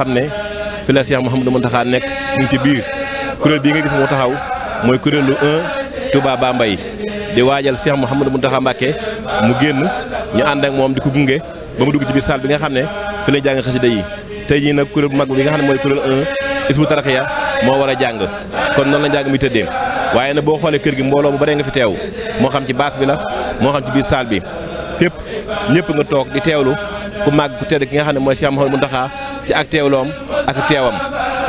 xam ne fi la Cheikh Mouhamadou Mountakha nekk ñu ngi ci biir kuréel bii nga gis moo taxaw mooy kuréelu tubaab baa mbay di waajal Cheikh Mouhamadou Mountakha Mbacké mu génn ñu ànd ak moom di ko gunge ba mu dugg ci biir saal bi nga xam ne fi la jàng xasida yi tey jii nag kuréel bu mag bi nga xam ne mooy kuréel 1 Hizbut Tarqiyyah moo war a jàng kon noonu la jàng mi tëddee waaye nag boo xoolee kër gi mbooloo mu bare nga fi teew moo xam ci baas bi la moo xam ci biir salle bi fépp ñëpp nga toog di teewlu ku màgg ku ki nga xam ne mooy Cheikh Mouhamadou Mountakha ci ak teewloom ak teewam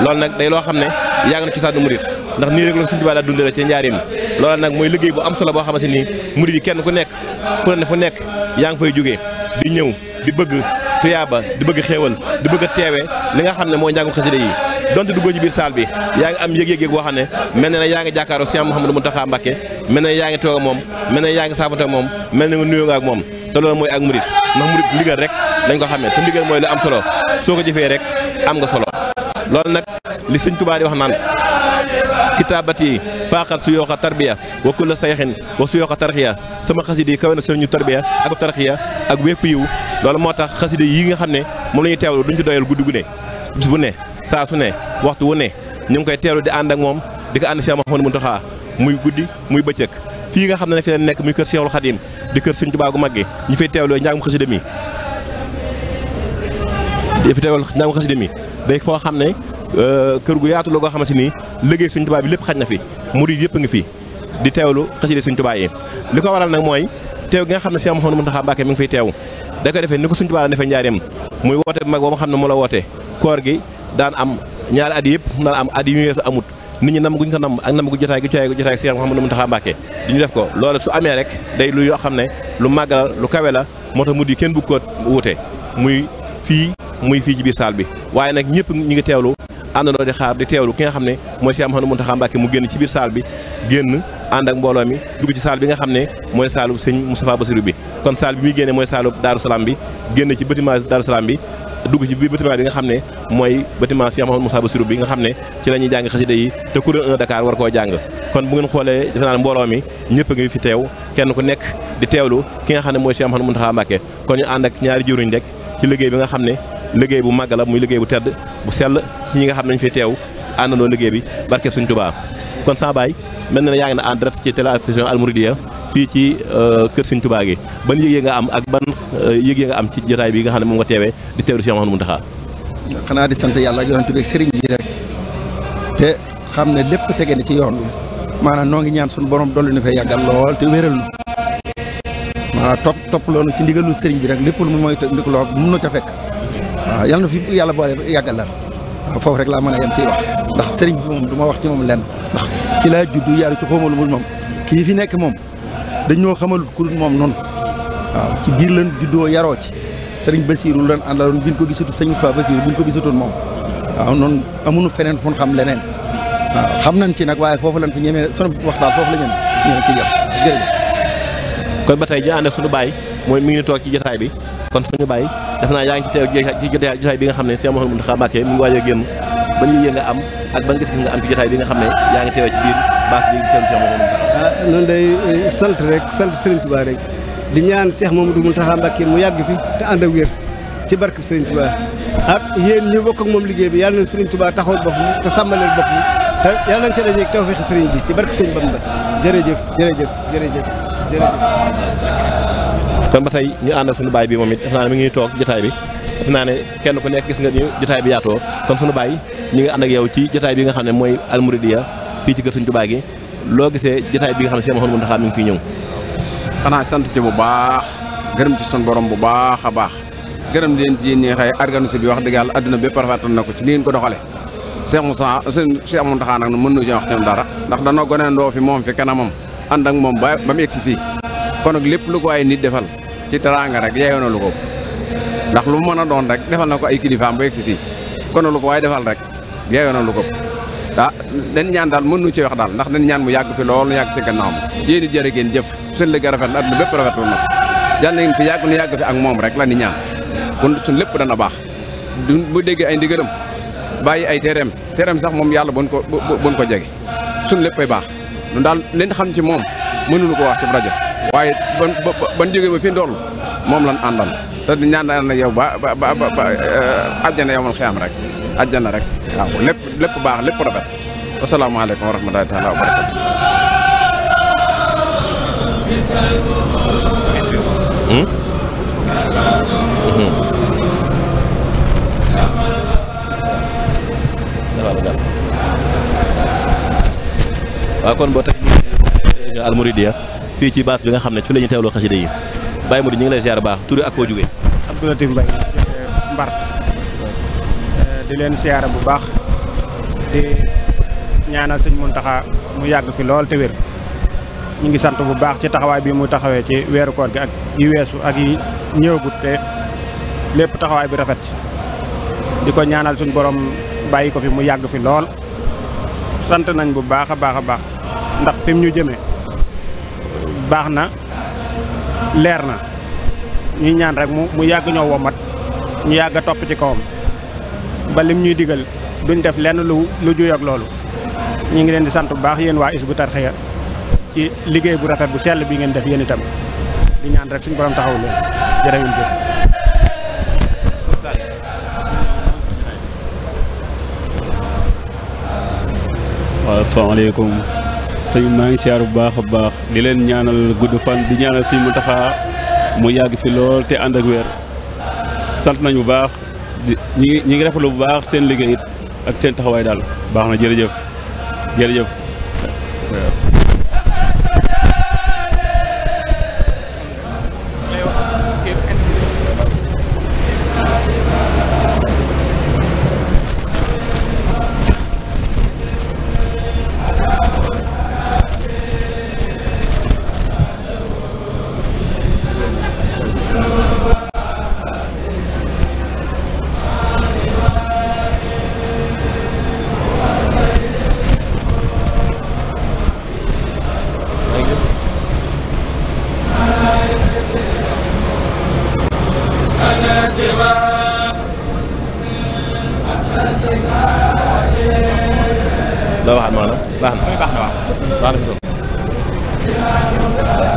loolu nag day loo xam ne yaa ngi ci saanu murit ndax nii rek la Sëñ Tuubaa daa dundale ci njaarim loolu nag mooy liggéey bu am solo boo xamante ni murit yi kenn ku nekk fu ne fu nekk yaa ngi fay jógee di ñëw di bëgg tuyaaba di bëgg xéewal di bëgg a teewe li nga xam ne mooy njàngum xasida yi donte duggoo ci biir saal bi yaa ngi am yëg-yëg boo xam ne mel na ne yaa ngi jàkkaaroo Sëñ Mouhamadou Mountakha Mbacké mel na ne yaa ngi toog moom mel na ne yaa ngi saafante moom mel na nga ak moom te loolu mooy ak murit ndax murit ndigal rek lañ ko xamee su ndigal mooy lu am solo soo ko jëfee rek am nga solo loolu nag li suñ Tuubaa di wax naan kitaabat yi faaxat su yooxa tarbiya wa kulla sayxin wa su yooxa tarxiya sama xasida yi kawe na suñu tarbiya ak tarxiya ak wépp yiw loolu moo tax xasida yi nga xam ne moom la ñuy teewlu duñ ci doyal guddi gu ne bu ne saa su ne waxtu wu ne ñu ngi koy teewlu di ànd ak moom di ko ànd Cheikh Mouhamadou Mountakha muy guddi muy bëccëg fii nga xam ne fi la nekk muy kër Seexul Xadim di kër Sëñ Tuubaa gu mag gi ñu fay teewloo njàngum xasida mi di fi teewal njàngum xasida mi day foo xam ne euh, kër gu yaatu la goo xamante ni liggéey suñ Tuubaa bi lépp xaj na fi mu yëpp a ngi fi di teewlu xasida Sëñ Tuubaa yi li ko waral nag mooy teew gi nga xam ne Seex Muhammadu Muntaxaa Mbàkke mu ngi fay teew da ko ni ko Sëñ Tuubaa la defee njaareem muy woote mag ba xam ne moo la woote koor gi daan am ñaari at yëpp na am at yi nit ñi nam ko nam ak nam gu jotaay gu jotaay gu jotaay Serigne Mouhamadou Mountakha ñu def ko loolu su amee rek day lu yoo xam ne lu màgg la lu kawe la moo tax mu di kenn bëgg ko wuute muy fii muy fii ci biir saal bi waaye nag ñëpp ñu ngi teewlu àndandoo di xaar di teewlu ki nga xam ne mooy Serigne Mouhamadou Mountakha Mbacké mu génn ci biir saal bi génn ànd ak mbooloo mi dugg ci salle bi nga xam ne mooy saalu sëñ Moustapha Bassirou bi kon saal bi muy génne mooy saalu Daaru Salaam bi génn ci bâtiment Daaru Salaam bi dugg ci biir bâtiment bi nga xam ne mooy bâtiment Cheikh Mahamadou Moussa Bassirou bi nga xam ne ci la ñuy jàng xasida yi te kuréel 1 Dakar war koo jàng kon bu ngeen xoolee defe naa mbooloo mi ñëpp ngi fi teew kenn ku nekk di teewlu ki nga xam ne mooy Cheikh Mahamadou Mountakha Mbacké kon ñu ànd ak ñaari jëruñ rek ci liggéey bi nga xam ne liggéey bu màgg la muy liggéey bu tedd bu sell ci ñi nga xam ne ñu fi teew àndandoo liggéey bi barkeb Sëriñ tubaa kon sa baay mel na yaa ngi na en direct ci télévision Al Mouridiyyah fii ci euh, kër Sëñ Tuubaa gi ban yëg nga am ak ban euh, yëg nga am ci jotaay bi nga xam ne moom nga teewee di teewlu Cheikh Mouhamadou Mountakha xanaa di sant yàlla ak yonent bi ak sëriñ bi rek te xam ne lépp tege na ci yoon bi maanaam noo ngi ñaan suñu borom dolli nu fay yàggal lool te wéral nu maanaam topp topp loolu ci ndigalu sëriñ bi rek lépp lu mooy ndigal loo mun na ca fekk waaw yal na fi yàlla boole yàggal la foofu rek laa mën a yem ciy wax ndax sëriñ bi moom du wax ci moom lenn ndax ci juddu yàlla ci xóomalu mul moom kii fi nekk moom dañoo xamalut ku dul moom noonu waaw ci biir lan juddoo yaroo ci sëriñ Basiiru lan àndaloon bi ñu ko gisatu sëñ Moussa Basiiru bi ñu ko gisatoon moom waaw noonu amuñu feneen fu ñu xam leneen waaw xam nañ ci nag waaye foofu lañ fi ñemee sunu wax daal foofu la ñemee ñoo ci jàpp kon ba tey ñu ànd ak suñu baay mooy mi ngi toog ci jotaay bi kon suñu baay def naa yaa ngi ci teew ci jotaay bi nga xam ne Cheikh Mouhamadou Mountakha Mbacké mu ngi waaj génn ban yëg nga am ak ban gis-gis nga am ci jotaay bi nga xam ne yaa ngi teewee ci biir baas bi teew Cheikh Mamadou Mountakha noonu ah, day eh, sant rek sant Serigne Touba rek di ñaan Cheikh Mamadou Mountakha Mbacké mu yàgg fi te ànd ak wér ci barke Serigne Touba ak yéen ñi bokk ak moom liggéey bi yàlla na Serigne Touba taxawul boppam te sàmmaleel boppam te yàlla nañ ci dajeeg tawfeex Serigne bi ci barke Serigne Bamba jërëjëf jërëjëf jërëjëf jërëjëf kon ba tey ñu ànd ak suñu baay bi moom it def naa ne mi ngi toog jotaay bi def naa ne kenn ku nekk gis nga ñu jotaay bi yaatoo kon suñu baay ñu ngi ànd ak yow ci jotaay bi nga xam ne mooy almouridiya fii ci kër Sëñ Tuubaa gi loo gisee jotaay bi nga xam ne Cheikh Mouhamadou Mountakha mi ngi fii ñëw xanaa sant ci bu baax gërëm ci sun borom bu baax a baax gërëm leen ci yéen ñi xëy bi wax dëgg yàlla adduna bépp rafetal na ko ci ni ngeen ko doxale Cheikh Moussa Cheikh Mountakha nag mën nañu wax ci dara ndax danoo goneendoo fi moom fi kanamam ànd ak moom ba ba mu egsi fii kon nag lépp lu ko ay nit defal ci teraanga rek yeeyoo na ko ndax lu mën a doon rek defal na ko ay kilifaam ba egsi fii kon lu ko waaye defal rek yeewee na lu ko ah dañ ñaan daal mën nu ci wax daal ndax dañ ñaan mu yàgg fi lool nu yàgg ci gannaawam yéen it jërë ngeen jëf seen liggéey rafet na àdduna bépp rafet na jàll ngeen fi yàgg nu yàgg fi ak moom rek la ni ñaan kon suñ lépp dana baax du bu déggee ay ndigalam bàyyi ay tereem tereem sax moom yàlla bon ko bon ko jege suñ léppay baax ñun daal leen xam ci moom mënulu ko wax ci rajo waaye ban ban jógee ba fi ndool moom lan àndal te di ñaan na yow ba ba ba eh, àjjana yow man xiyam rek àjjana rek waaw lépp lépp baax lépp rafet asalaamaaleykum wa rahmatulahi taala wa barakatu hmm? hmm? waaw kon boo tey almouridia fii ci baas bi nga xam ne ci la ñu teewloo xasida yi Baye Mouride ñu ngi lay ziar baax tur ak foo jógee Abdoulatif Mbaye Mbar di leen siyaara bu baax di ñaanal sëñ Muntaxa mu yàgg fi lool te wér ñu ngi sant bu baax ci taxawaay bii mu taxawee ci weeru koor gi ak yi weesu ak yi ñëwagut te lépp taxawaay bi rafet di ko ñaanal suñ borom bàyyi ko fi mu yàgg fi lool sant nañ bu baax a baax a baax ndax fi ñu jëmee baax na leer na ñuy ñaan rek mu mu yàgg ñoo womat ñu yàgg a topp ci kawam ba lim ñuy digal duñ def lenn lu lu juy ak loolu ñu ngi leen di sant bu baax yéen waa Hizbut Tarqiyyah ci liggéey bu rafet bu sell bi ngeen def yéen itam di ñaan rek suñu borom taxaw leen jërë ngeen jëf waaw bu baax baax di leen ñaanal gudd fan di ñaanal mu Muntaxa mu yàgg fi lool te ànd ak wér sant nañ bu baax ñi ngi ñi ngi rafetlu bu baax seen liggéey it ak seen taxawaay daal baax na jërëjëf jërëjëf. loo waxaat maanaam baax na baax na waaw